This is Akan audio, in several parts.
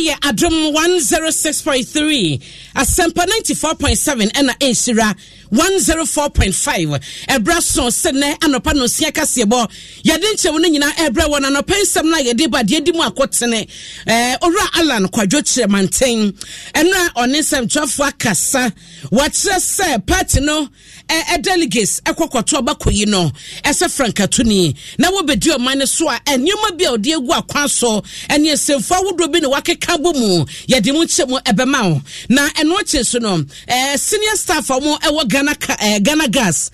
ɛyɛ adom 106.3 asɛmpa 94.7 ɛna ɛnhyira 104.5 ɛberɛ so sɛnɛ anɔpa no sia kaseɛ bɔ yɛde nkyɛmu no nyinaa ɛberɛ wɔ no anɔpa nsɛm no a yɛde ba deɛ di mu akɔtene ɔwura eh, alan kwadwo kyerɛ manten ɛno a ɔne nsɛmtwerɛfoɔ akasa wɔkyerɛ sɛ party no eh, eh, delegates ɛkɔkɔto ɔbakɔ yi no ɛsɛ frankatoni na wɔbɛdi ɔman no so a nneɛma bi a ɔde agu akwan so ɛne asɛmfo ahodoɔ bi ne wakeka bɔ mu yɛde mu nkyɛ mu ɛbɛma wo na ɛno akyiri so no senior staff a wɔn ɛwɔ Ghana, uh, Ghana Gas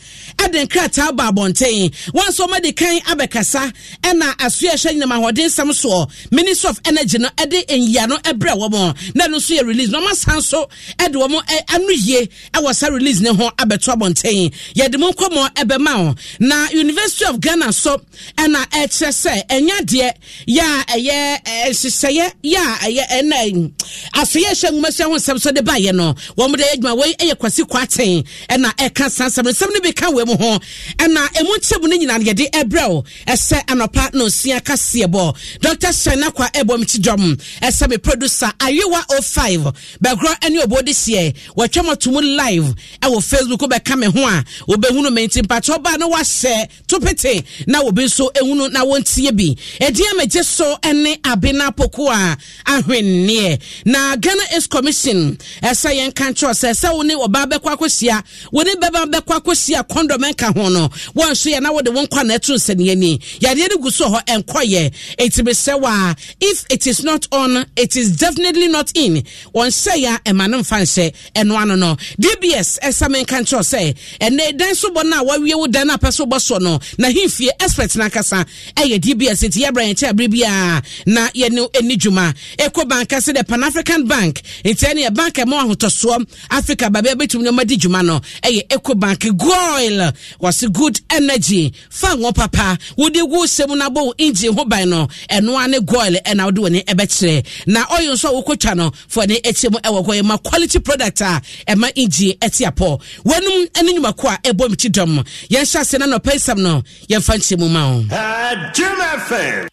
de nkrataa ba abɔnten wɔn nso wɔn kan abɛkasa ɛna asoɛ ɛhyɛ nyinam ahoɔden nsɛm soɔ ministry of energy no ɛde nyia no ɛbrɛ wɔn na ɛno nso yɛ release na wɔn asan so ɛde wɔn ano yie ɛwɔ sa release ne ho abɛto abɔnten yɛde mu nkɔmɔ ɛbɛma wɔn na university of ghana so ɛna ɛkyerɛ sɛ ɛnya deɛ yɛ a ɛyɛ ɛhyehyɛeɛ yɛ a ɛyɛ ɛna asoɛ ɛhyɛ nwoma so nsɛm so de baayɛ no wɔn de adwuma wɔn yɛ kwasi kwaten ɛna ɛka sansɛm nsɛm no bi ka wɔn mu wo ho ɛna ɛmu nkyɛmu no nyinaa yɛde ɛbrɛ wo ɛsɛ anɔpa na osia kaseɛ bɔ dr shina kwa ɛbɔ mti dwom ɛsɛ me producer ayewa 05 bɛkorɔ ɛne ɔbɔ de seɛ wɔatwa mɔto mu live ɛwɔ facebook wobɛka me ho a wobɛhunu me nti mpatɔ ba no wahyɛ to pete na wobi nso ehunu na wɔntie bi ɛdeɛ megye so ɛne abena poko a ahwenneɛ na ghana ace commission ɛsɛ yɛn ka nkyɛw sɛ sɛ wo ne ɔbaa bɛkɔ akɔhyia wo ne bɛba bɛkɔ akɔhyia kɔndɔm mɛnka ho no wɔn nso yɛ na wɔde wɔn kɔ anɛto nsɛnniani yadeɛ no gu so hɔ nkɔyɛ eti besɛ wa if it is not on it is definitely not in wɔn hyɛ ya ɛma no mfa nhyɛ ɛno ano no dbs ɛsa mɛnka nkyɛw sɛ ɛnɛ dan so bɔ no a wɔawie wo dan no apɛ so bɔ soɔ no na hemfie expert n'ankasa ɛyɛ dbs eti yɛ abran kyɛ abiri biara na yɛ no ani dwuma ɛkɔ bank ase dɛ pan african bank nti ɛne yɛ bank ɛmɔ ahotɔsoɔ africa baabi abɛtumi nneɛma di dwuma no ɛyɛ Bank goil wɔse good energy fa wɔ papa wode gu sɛm no bɔ wo ho ban no ɛnoa ne goil ɛna wode wɔne ɛbɛkyerɛ na ɔyɛ nso a wokɔtwa no fa ne ɛkyɛ mu ɛwɔ hɔ ɛma quality product a inji eti apo. apɔ wɔnom ne nnwumako a ɛbɔ mekyi dɔm yɛnhyɛ ase na nɔpɛ nsɛm no yɛmfa nkyɛ mu ma wo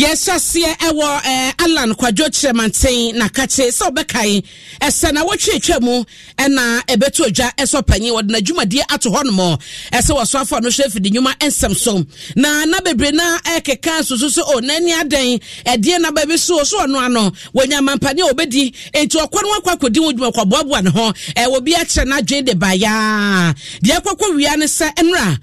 yɛhyɛseɛ ɛwɔ ɛɛ eh, alan kwadwo kyerɛmanten na kakye sɛ ɔbɛkae ɛsɛ na wɔtwetwe mu ɛna ɛbɛto dwa ɛsɛ ɔpanyin wɔde n'adwumadie ato hɔnom ɛsɛ wɔso afɔ no hyɛ fidi nnwuma nsɛm so na na bebree na ɛkeka soso sɛ o oh, n'ani adan ɛdeɛ na baabi so so ɔno ano wɔnyamampani a obedi nti ɔkɔ no akɔ akɔdi wɔn dwuma kɔboaboa ne ho ɛwɔ bi akyerɛ n'adwene de ba yaa deɛ kɔkɔ wia ne sɛ ɛnura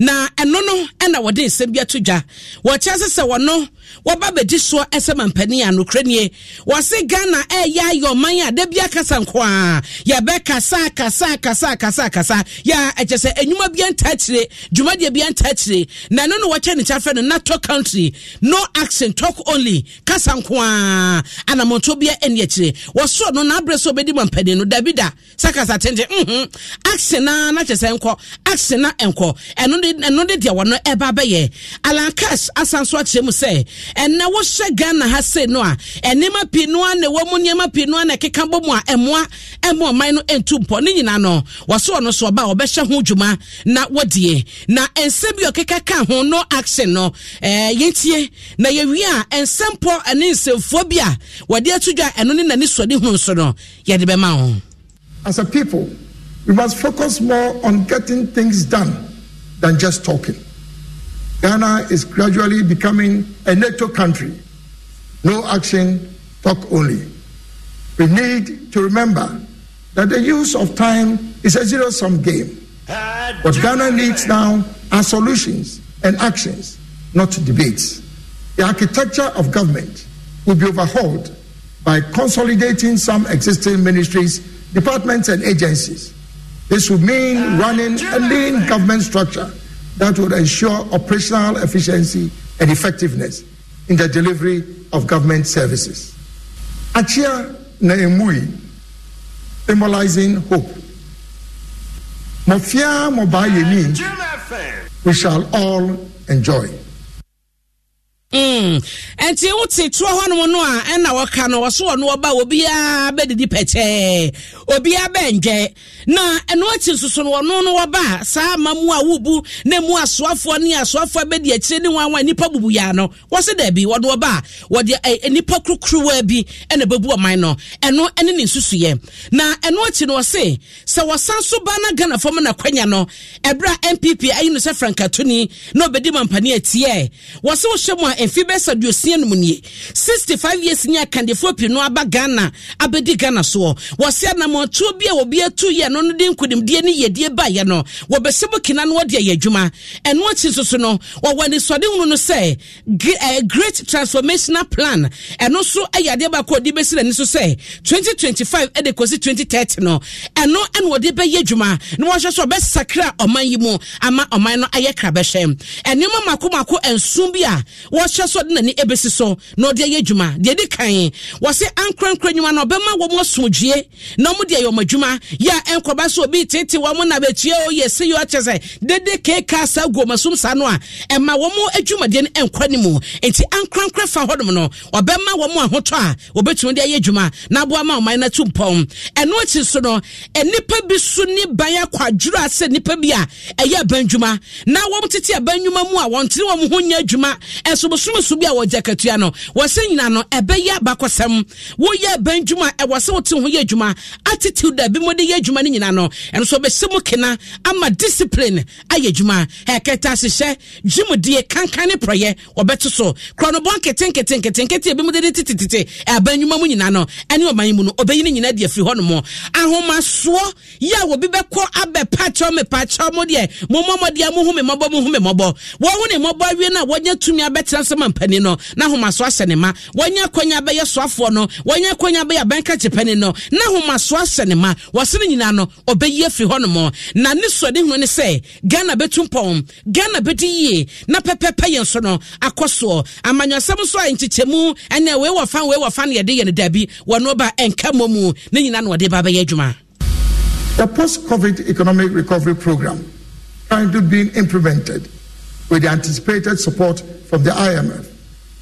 na ɛno no ɛna wɔde nsɛm to dwa wɔkyɛ sɛ sɛ wɔno wɔba bɛdi soɔ ɛsɛ mampanin a nokorɛ nie wɔse ghana ɛyɛ ayɛ ɔman a da bi akasa nko a yɛbɛ kasa kasa kasa kasa kasa yɛ ɛkyɛ sɛ enyuma bi ntakyire dwumadie bi ntakyire na ɛno no wɔkyɛ ne kyafɛ no nato country no accent talk only kasa nko a anamoto bi ɛni akyire wɔsoɔ no n'abrɛ so bɛdi mampanin no dabi da sɛ kasa tenten nhun mhm. accent na n'akyɛ sɛ nkɔ accent na nkɔ ɛno de ɛno de deɛ wɔn ɛba bɛyɛ asan so akyerɛ mu sɛ ɛnna wɔhyɛ ghana ha se no a pii no na ɛwɔ mu nneɛma pii no na ɛkeka bɔ mu a ɛmoa ɛmo ɔman no mpɔ ne nyinaa no wɔso ɔno so ɔba a ɔbɛhyɛ ho dwuma na wɔdeɛ na nsɛm bi ɔkeka ka ho no action no ɛɛ yɛntie na yɛwie a nsɛmpɔ nsɛmfoɔ bi a wɔde ato dwa ɛno ne n'ani ho so no yɛde bɛma ho. as a people we must focus more on getting things done than just talking. Ghana is gradually becoming a NATO country. No action, talk only. We need to remember that the use of time is a zero sum game. What Ghana needs now are solutions and actions, not debates. The architecture of government will be overhauled by consolidating some existing ministries, departments, and agencies. This would mean running a lean government structure that would ensure operational efficiency and effectiveness in the delivery of government services. Achia Naemui, symbolizing hope. Mofia Mobayemi, we shall all enjoy. Mm. nti wote turo hɔ nom no a ɛna wɔka no wɔso wɔ no wɔba obiara bɛdidi pɛkyɛɛ obiara bɛndwɛ na ɛno akyi nsoso no wɔno no wɔba a saa ama mu a wobu na mu asoafoɔ ne asoafoɔ bɛdi akyire ne wanwa nipa bubu yaa no wɔse daabi wɔde wɔba a wɔde ɛ eh, nipa kurukuruwa bi ɛna bɛbu ɔman no ɛno ɛne ne nsusuyɛ na ɛno akyi no wɔse sɛ wɔsan so ba na ghana fam na kwanya no ɛbrɛ npp ayi no sɛ frankatoni na obɛdi mampani atiɛ wɔse wɔhyɛ mu a mfe bɛsɛ duosia no mu nie 65 years ni akandefoɔ pii no aba ghana abɛdi ghana soɔ wɔsɛ anammɔntuo bi a obi atu yɛ no no de nkonimdie ne yɛdie baeɛ no wɔbɛsɛ bokina no wɔde ayɛ adwuma ɛno akyi nso so no wɔwɔ anisɔde hunu no sɛ great transformational plan ɛno nso yɛ adeɛ baako a ɔde bɛsi n'ani so sɛ 2025 de kɔsi 2030 no ɛno ɛna wɔde bɛyɛ adwuma na wɔhwɛ sɛ ɔbɛsakra ɔman yi mu ama ɔman no ayɛ krabɛhyɛ nneɛma mako mako nson bi a wɔ ahyɛ so de n'ani bɛsi so na ɔde ayɛ adwuma deɛ di kan wɔsɛ ankorankora nnwuma no ɔbɛma wɔn asomdwie na wɔn deɛ yɛ wɔn adwuma yɛ a nkɔba so obi tete wɔn na bɛtua o yɛ se yɛ ɔkyɛ sɛ dede keeka saa gu wɔn asom saa no a ɛma wɔn adwumadeɛ no nkɔ ne mu nti ankorankora fa hɔnom no ɔbɛma wɔn ahotɔ a wɔbɛtumi de ayɛ adwuma na aboa ma ɔman n'atu mpɔn ɛno akyi so no nipa bi so ne ban akwadwura sɛ nipa bi a ɛyɛ ban dwuma na wɔn tete ban dwuma mu a wɔn wɔn ho nyɛ adwuma ɛnso nsuosumisu bi a wɔgya katua no wɔsɛ nyina no ɛbɛyɛ abakɔsɛm woyɛ ɛbɛn dwuma ɛwɔ sɛ wote ho yɛ adwuma attitude da bi mo de yɛ adwuma no nyina no ɛno so bɛsɛ mu kena ama discipline ayɛ adwuma ɛkɛta ahyehyɛ gyumdie kankan ne prɔyɛ wɔbɛto so kurɔnobɔ nketenketenketenkete ebi mu de ne titetete ɛbɛn nnwuma mu nyina no ɛne ɔman mu no ɔbɛyi ne nyina deɛ firi hɔ nom ahomasoɔ yɛ a wɔbi bɛkɔ abɛpakyɛw mepakyɛw mo deɛ mommɔmɔdeɛ mohome mmɔbɔ mohome mmɔbɔ wɔho ne mmɔbɔ awie no a wɔnya tumi abɛtena asɛm ampani no na ahyɛ ne ma wɔnyɛ akɔnya bɛyɛ soafoɔ no wɔnyɛ akɔnya bɛyɛ abɛnkakye pani no na ahyɛ ne ma wɔse no nyinaa no ɔbɛyi afiri hɔ na ne sɔde hunu ne sɛ ghana bɛtu mpɔn ghana bɛdi yie na pɛpɛpɛ yɛn so no akɔ amanyɔsɛm nso a nkyekyɛmu ɛnɛ wei wɔ fan wei wɔ fan yɛde yɛ dabi wɔno ba ɛnka mmɔ mu ne nyinaa na wɔde ba bɛyɛ adwuma The post-COVID economic recovery program currently being implemented with the anticipated support from the IMF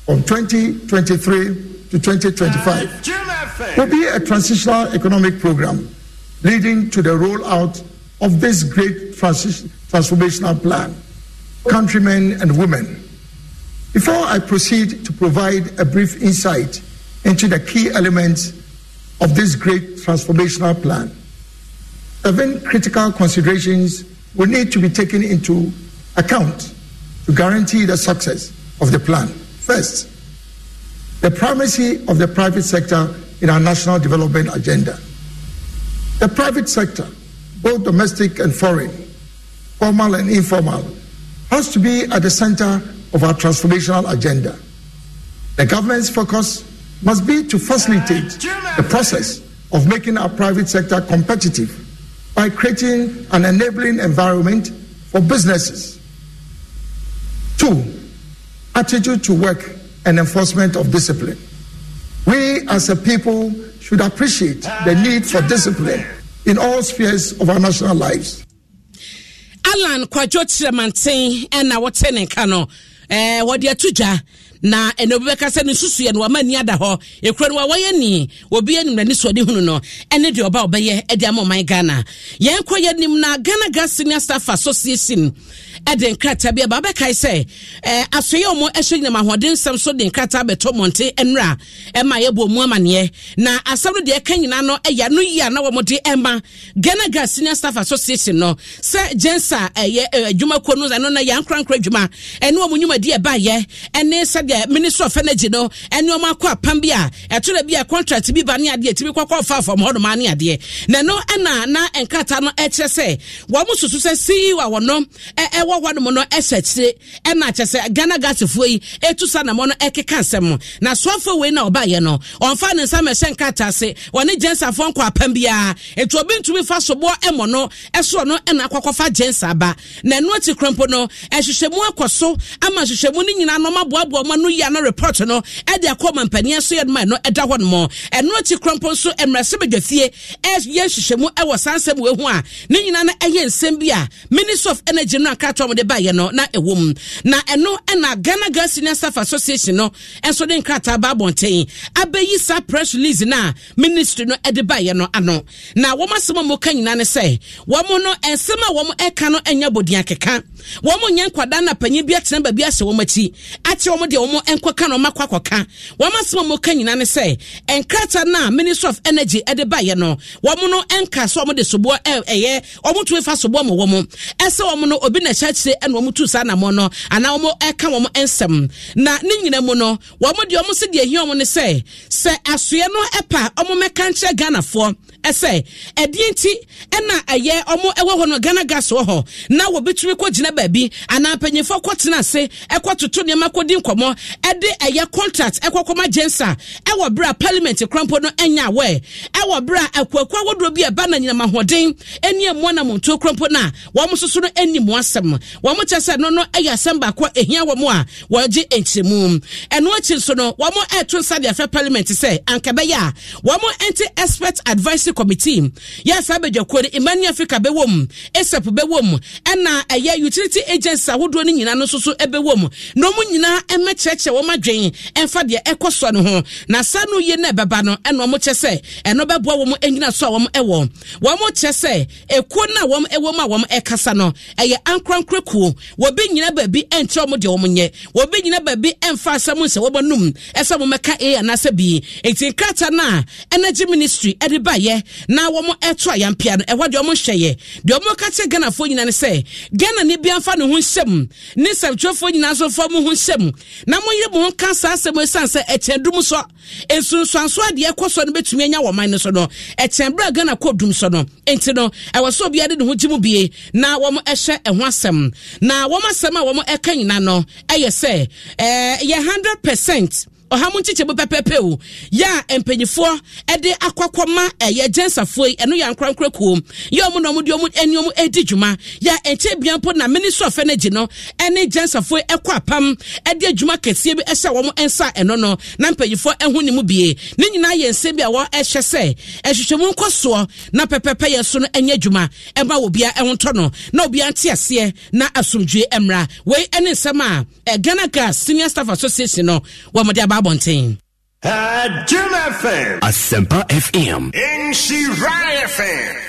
from 2023 to 2025 will be a transitional economic program leading to the rollout of this great transi- transformational plan. Countrymen and women, before I proceed to provide a brief insight into the key elements of this great transformational plan, seven critical considerations will need to be taken into account to guarantee the success of the plan. First, the primacy of the private sector in our national development agenda. The private sector, both domestic and foreign, formal and informal, has to be at the center of our transformational agenda. The government's focus must be to facilitate the process of making our private sector competitive by creating an enabling environment for businesses Two, attitude to work and enforcement of discipline. We as a people should appreciate the need for discipline in all spheres of our national lives. Alan Kwajo Chiremantin, and I was telling what na ɛna obi bɛka sɛ no susuɛ no wama ni ada hɔ ɛkura no wa wɔyɛ ni obi anim n'ani ni hunu no ɛne deɛ ɔba ɔbɛyɛ de ama ɔman ghana yɛn kɔ yɛ nim na ghana gas senior staff association ɛde nkrataa bi aba abɛkae sɛ ɛɛ asɔyɛ ɔmo ɛhyɛ nyinam ahoɔden nsɛm so de nkrataa bɛtɔ mɔnte nwura ɛma yɛbɔ mu amaneɛ na asɛm no deɛ ɛka nyinaa no ɛyɛ ano yie a na wɔn de ɛma ghana gas senior staff association no sɛ gyɛnsa ɛyɛ adwumakuo no ɛno na yɛn ankorankora adwuma ɛne wɔn nnwumadi ɛbaayɛ ɛne sɛ sɛdeɛ ministry of energy no ɛnneɛma akɔ apam bi a ɛto na bi a contract bi ba ne adeɛ tumi kɔkɔ fa fam hɔ noma ne adeɛ na ɛno ɛna na nkrataa no ɛkyerɛ sɛ wɔn mo soso sɛ ceo a wɔn ɛwɔ hɔ nom no ɛhyɛ akyire ɛna akyɛ sɛ ghana gasefoɔ yi ɛtu sa mo. no ɛkeka nsɛm na soafoɔ wei na ɔbaayɛ no ɔnfa ne nsa mɛhyɛ nkrataa se wɔne gyɛnsafoɔ nkɔ apam biara etu obi ntumi fa soboɔ ɛmɔ no ɛsoɔ no ɛna akɔkɔfa gyɛnsa ba, na ɛno akyi krɔmpo no ɛhyehyɛmu akɔ so ama hyehyɛmu no nyinaa no ɔma boaboa no yɛ no report no ɛde akɔ ma mpanin so yɛ no ma ɛno ɛda hɔ nom ɛno akyi krɔmpo nso mmerɛsɛ badwafie ɛyɛ nhyehyɛmu ɛwɔ saa nsɛm wɔ ho a ne nyinaa no ɛyɛ nsɛm bi a Minister of energy no akratoa mde baeɛ no na ɛwɔ mu na ɛno ɛna ghana gas senior staff association no ɛnso de nkrataa ba abɔnten abɛyi saa press release no a ministry no ɛde baeɛ no ano na wɔn asɛm a wɔka nyinaa no sɛ wɔn no nsɛm a wɔn ɛka no ɛnyɛ bɔdeɛ akeka wɔn nyɛ nkwadaa na panyin bi atena baabi ahyɛ wɔn akyi akyɛ wɔn deɛ wɔn nkɔka na wɔn akɔ akɔka wɔn asɛm a wɔn ka nyinaa ne sɛ nkrataa na minister of energy de baeɛ no wɔn no nka so wɔn de soboɔ ɛyɛ wɔn tumi fa soboɔ ma wɔn ɛsɛ wɔn no obi na ɛhyɛ akyire na wɔn tu saa nam no anaa wɔn ɛka wɔn nsɛm na ne nyinaa mu no wɔn deɛ wɔn si deɛ ehia wɔn ne sɛ sɛ asoɛ no ɛpa wɔn mɛka nkyerɛ ghanafoɔ sɛ ɛdeɛ nti ɛna ɛyɛ ɔmo ɛwɔ hɔ no ghana gas wɔ hɔ na wɔbɛtumi kɔgyina baabi anaa mpanyinfoɔ kɔtena ase ɛkɔtoto nneɛma kɔdi nkɔmmɔ ɛde ɛyɛ contract ɛkɔkɔma gyensa ɛwɔ berɛ a parliament krampo no ɛnya awɛ ɛwɔ berɛ a akuaku ahodoɔ bi ɛba na nyinam ahoɔden ɛni ɛmoa na montuo krampo no a wɔn soso no ɛni mu asɛm wɔn kyɛ sɛ no no ɛyɛ asɛm baako ehia wɔn a wɔgye nkyiremu ɛno akyi nso no wɔn ɛɛto nsa deɛ fɛ parliament sɛ anka a wɔn ɛnte expert advisory committee yɛsa badwakuo no emmanuel africa bɛwɔ mu asap bɛwɔ mu ɛna ɛyɛ utility agency ahodoɔ no nyinaa no nso so bɛwɔ mu na wɔn nyinaa mɛkyerɛkyerɛ wɔn adwene ɛmfa deɛ ɛkɔ soɔ no ho na saa no yie no ɛbɛba no ɛna wɔn kyɛ sɛ ɛno bɛboa wɔn anyina so a wɔn ɛwɔ wɔn kyɛ sɛ ekuo no a wɔn ɛwɔ mu a wɔn ɛkasa no ɛyɛ ankorankora kuo wɔbi nyina baabi ɛnkyerɛ wɔn deɛ wɔn nyɛ wɔbi nyina baabi ɛnfa asɛm nsɛ wɔn num ɛsɛ wɔn mɛka a anaasɛ b nti nkrataa no a energy ministry ɛde baeɛ yɛ na wɔn ɛto ayampia no ɛhɔ deɛ wɔn hyɛ yɛ deɛ wɔn ka kyerɛ ghana foɔ nyinaa no sɛ ghana ni bi anfa ne ho nsɛm ne nsɛmtwerɛfoɔ nyinaa nso fa mo ho nsɛm na mo yere mo ho ka saa asɛm esan sɛ ɛkyɛn dum so nsonsanso adeɛ ɛkɔ so no betumi anya wɔn man no so no ɛkyɛn bere a ghana kɔ dum so no nti no ɛwɔ so obiara de ne ho gye mu bie na wɔn ɛhyɛ ɛho asɛm na wɔn asɛm a wɔn ɛka nyinaa no ɛyɛ sɛ ɛɛ yɛ hundred percent ɔha mo nkyekyɛ mu pɛpɛpɛ o yɛ a mpanyinfoɔ de akɔkɔ ma ɛyɛ gyɛnsafoɔ yi ɛno yɛ ankorankora kuom yɛ ɔmo na ɔmo de ɔmo ani ɔmo edi dwuma yɛ nkyɛn bia mpo na minisɔ fɛ no gyi no ɛne gyɛnsafoɔ ɛkɔ apam de adwuma kɛseɛ bi ɛhyɛ wɔn nsa ɛno no na mpanyinfoɔ ɛho ne mu bie ne nyinaa yɛ nsɛm bi a wɔn ɛhyɛ sɛ ɛhwehwɛmu nkɔsoɔ na pɛpɛpɛ yɛ so no ɛnyɛ adwuma ɛma obia ɛho tɔ no na obia nte aseɛ na asomdwe mmra wei ɛne nsɛm a ɛghana gas senior staff association no wɔn de aba abɔnten. Jim FM. Asempa FM. Nsirai FM.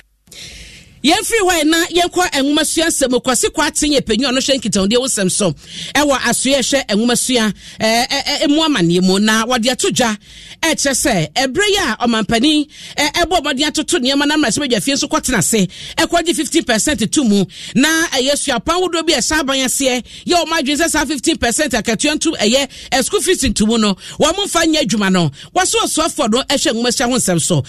yɛmfiri hɔ na yɛnkɔ nwomasua nsɛm kwase kɔ ate yɛ panyi ɔno hwɛ nkitahodeɛ wosɛm so ɛwɔ asoɛ hwɛ nwomasua mu amanneɛ mu na wɔde ato dwa ɛkyerɛ sɛ ɛberɛ yi a ɔmampani ɛbɔ ɔmɔden atoto nneɛma no mmara sɛ fie nso kɔtena ase ɛkɔgye 15 percent to mu na ɛyɛ suapan wodoɔ bi ɛhyɛ aban aseɛ yɛ ɔma adwene sɛ saa 15 percent akatua nto ɛyɛ school fees ntomu no wɔn mfa nyɛ adwuma no wɔso ɔsoafoɔ no ɛhwɛ nwomasua ho nsɛm so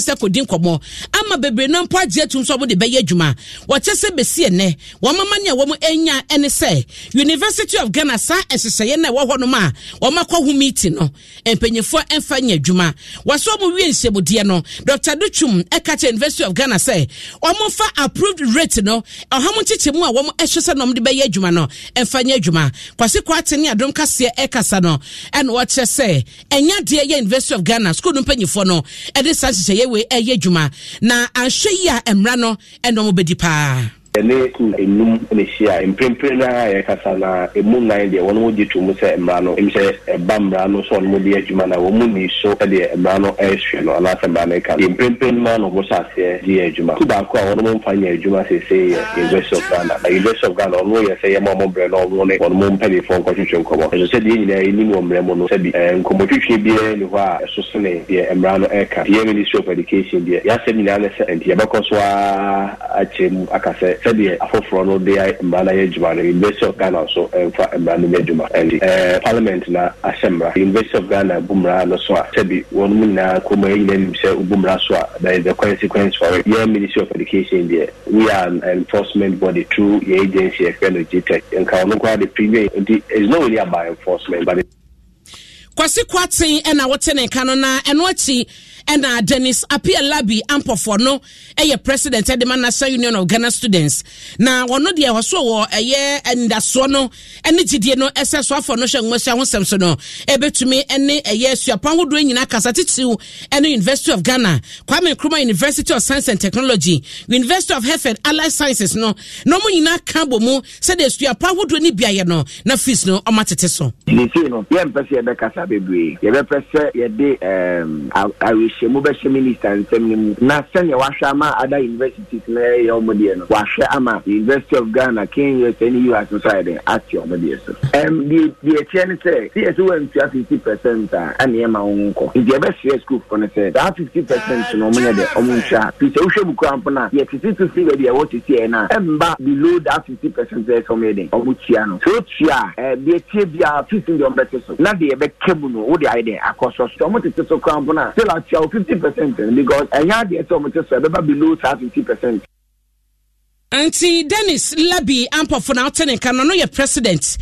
anaasɛ kɔdi nkɔmmɔ ama bebree no mpo agye atum so a wɔde bɛyɛ adwuma wɔkyɛ sɛ bɛsi ɛnɛ wɔmama ne a wɔm anya ɛne sɛ university of ghana saa nhyehyɛeɛ no a ɛwɔ hɔnom a wɔmakɔ ho meeting no mpanyinfoɔ mfa nyɛ adwuma wɔsɛ wɔn wie nhyɛmudeɛ no dr dutchum ɛka kyerɛ university of ghana sɛ wɔmfa approved rate no ɔham nkyekyɛ mu a wɔn ɛhyɛ sɛ na wɔde bɛyɛ adwuma no mfa nyɛ adwuma kwasi kwate ne adom kaseɛ ɛkasa no ɛna wɔkyerɛ sɛ ɛnya yɛ university of ghana school no mpanyinfoɔ no ɛde saa nhyehyɛeɛ wei ɛyɛ eh, adwuma na ahwɛ yi a mmara no ɛnɔm eh, bɛdi paa ɛne enum na ehyia mprempren no a yɛkasa na emu nnan deɛ wɔn gye to mu sɛ mmara no emu sɛ ɛba mmara no sɛ wɔn de adwuma na wɔn mu ni so ɛdeɛ mmara no ɛrehwɛ no anaasɛ mmara no ɛka deɛ mprempren no na wɔn hyɛ aseɛ de yɛ adwuma tu baako a wɔn mfa nyɛ adwuma sese yɛ university of ghana na university of ghana wɔn yɛ sɛ yɛ ma wɔn brɛ na wɔn ne wɔn mu mpanyinfoɔ nkɔtwitwi nkɔmɔ ɛso sɛ deɛ nyinaa yɛ nim wɔn mmerɛ mu no sɛbi ɛɛ nkɔmɔtwitwi biara ni hɔ a ɛso sene deɛ mmara no ɛka eh, deɛ ministry of education deɛ yɛasɛm nyinaa ne sɛ nti yɛbɛkɔ so a akyerɛ mu aka sɛ sɛdeɛ afoforɔ no de mmara no yɛ adwuma no university of ghana so ɛmfa eh, mmara no yɛ adwuma ɛnti eh, parliament na ahyɛ mmara university of ghana bu mmara no so a sɛbi wɔn mu nyinaa kɔma yɛ nyinaa nim sɛ wobu mmara so a there is a consequence for it yɛ ministry of education deɛ we are an enforcement body through yɛ agency ɛfɛ no gtec nka ɔno koraa de premium nti it's not really about enforcement but kwasi kwaten ɛna wɔte ne nka no na ɛno akyi ɛna dennis apia labi ampɔfo no ɛyɛ president ɛde ma national union of ghana students na wɔno deɛ ɛwɔ so wɔ ɛyɛ ndasoɔ no ɛne gyidie no ɛsɛ so afɔ no hyɛ nwoma hyɛ ahosɛm so no ɛbɛtumi ɛne ɛyɛ suapan ahodoɔ nyinaa kasa titiw ɛne university of ghana kwame nkrumah university of science and technology university of hereford allied sciences no na wɔn nyinaa ka bɔ mu sɛdeɛ suapan ahodoɔ ne biayɛ no na fees no ɔmo atete so. ne fee no yɛn mpɛ sɛ yɛbɛkasa bebree yɛbɛpɛ sɛ yɛde um, awerɛhyɛmu bɛhyɛ minista nsɛm no mu na sɛnea wahwɛ ama ada universities na ɛyɛ ɔmo deɛ no wahwɛ ama university of ghana kenya ne us nso ayɛ den ate ɔmo deɛ so um, deɛ ne sɛ sɛ yɛ sɛ woantua fifty percent a ɛne ɛma wo nkɔ nti yɛbɛserɛ sukuulfoɔ no sɛ saa fifty percent no ɔmo yɛ dɛ ɔmo ntwa firi sɛ wohwɛ mu kora mpo no a yɛtete to si baabi ɛwɔ tete no a ɛmba below that 50 percent ɛsɛ ɔmo yɛ den ɔmo tua no sɛ otua eh, deɛ tie biara fifteen deɛ ɔmo so na deɛ yɛbɛka table no wode ayɛ dɛn akɔ so so ɔmo tete so kora mpo no a still fifty percent no because ɛnyɛ adeɛ sɛ ɔmo te so ɛbɛba below saa fifty percent nti dennis labi ampɔfo na wote ne nka no no yɛ president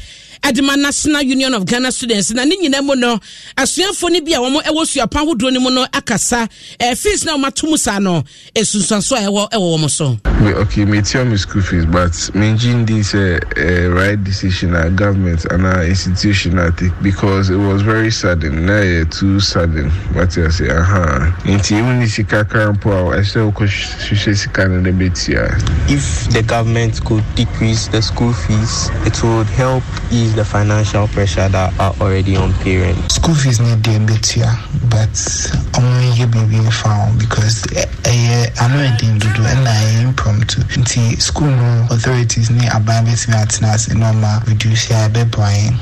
ɛde national union of ghana students na ne nyinaa mu no asuafoɔ no bi a wɔn wɔ suapan ahodoɔ no mu no akasa ɛɛ eh, fees na wɔn ato mu saa no esunsuanso a ɛwɔ ɛwɔ wɔn so. okay me tia me school fees but me ngin di sɛ ɛɛ right decision na government ana institution na take because it was very sudden na yɛ eh, too sudden wati ase aha nti even ni sika karampo a ɛsɛ okɔ hyehyɛ sika no na bɛ tia. if the government could decrease the school fees it would help ease ease the financial pressure that are already on parents. School fees need the bit here, but only you be being found because eh, eh, I know it didn't do and I impromptu. See school authorities need a bit me at nas normal reduce your bed buying.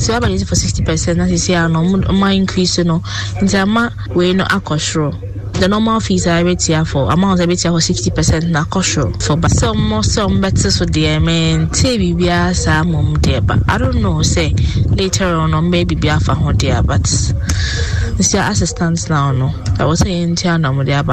sɛ aba ne si for 60 percent na sisi a no ɔma increase no nti ama wei no akɔ soro the normal fees a yɛbɛtia for amount a yɛbɛtia for sixty percent na akɔ soro for some sɛ ɔmo sɛ ɔmo bɛte so deɛ mɛntie biribiara saa mom deɛ ba i don't know Say later on ɔmo bɛyɛ biribi afa ho deɛ but nsia assistance now no ɛwɔ sɛ yɛntia na ɔmo deɛ aba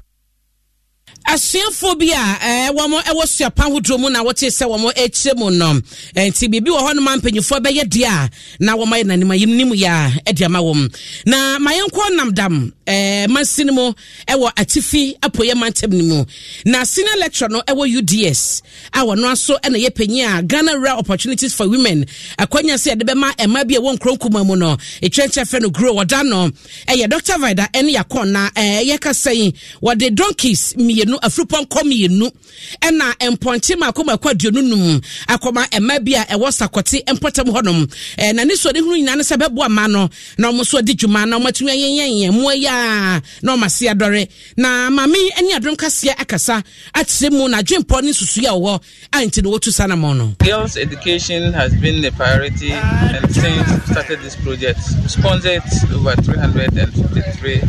asuafoɔ bi a eh, wɔn eh, wɔ suapa ahodoɔ mu na wɔte sɛ wɔn akyire mu no eh, nti biribi wɔ hɔ no ma mpanyinfoɔ bɛyɛ deɛ a na wɔn ayɛ nanim ayim nim yɛ a ɛde ama wɔn na ma yɛn kɔ nam dam mansi mu wɔ atifi apoyɛ mantam no mu na senior lecturer no wɔ uds a wɔn aso na yɛ panyin a ghana rural opportunities for women akɔnya sɛ yɛde bɛma mmaa bi a wɔn nkuro nkuma mu no etwɛnkyɛn fɛ no grow wɔda no ɛyɛ dr vida ne yakɔn na ɛyɛ kasa yi wɔde donkeys mmienu. mmienu afurupɔnkɔ mmienu ɛna mpɔnkye mako mako aduonu num akɔma bi a ɛwɔ sakɔte hɔnom ɛɛ na ne hunu nyinaa ne sɛ no na di dwuma na atumi mu ayɛ a na ase adɔre na maame kaseɛ akasa akyerɛ mu na ne susu a nti na girls education has been a priority and since we started this project we sponsored over three hundred and fifty-three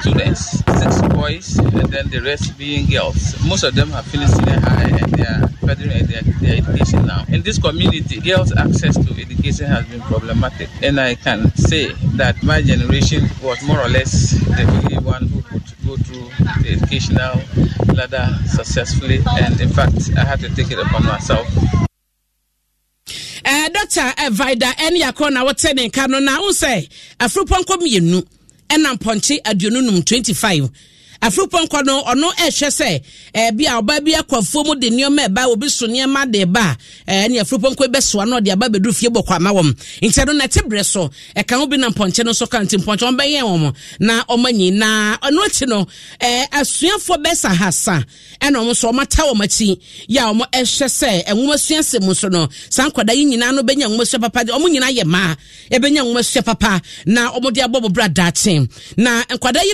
students six boys and then the rest being girls. Most of them have finished senior high and they are furthering their, their education now. In this community, girls' access to education has been problematic, and I can say that my generation was more or less the only one who could go through the educational ladder successfully. And in fact, I had to take it upon myself Uh, doctor evida eh, uh, eh, ɛne akɔ na wɔte ne nka no na wo sɛ afuropɔnkɔ mmienu ɛna mpɔnkye aduonu num 25 afropɔnkɔ no ɔno ɛrehwɛ sɛ ɛbi a ɔbaa bi akɔ afuo mu de nneɛma ɛba obi so nneɛma de ba ɛɛ ne afropɔnkɔ bɛsoa no ɔde aba bɛduru fie bɔ kwama wɔm nkyɛn no nɛte brɛ so ɛka ho bi na mpɔnkye no nso ka nti mpɔnkye wɔn bɛyɛ wɔn na wɔn nyinaa ɔno akyi no ɛɛ asuafoɔ bɛsa sa ɛna wɔn nso wɔn ata wɔn akyi yɛ a na wɔn de abɔ na nkwadaa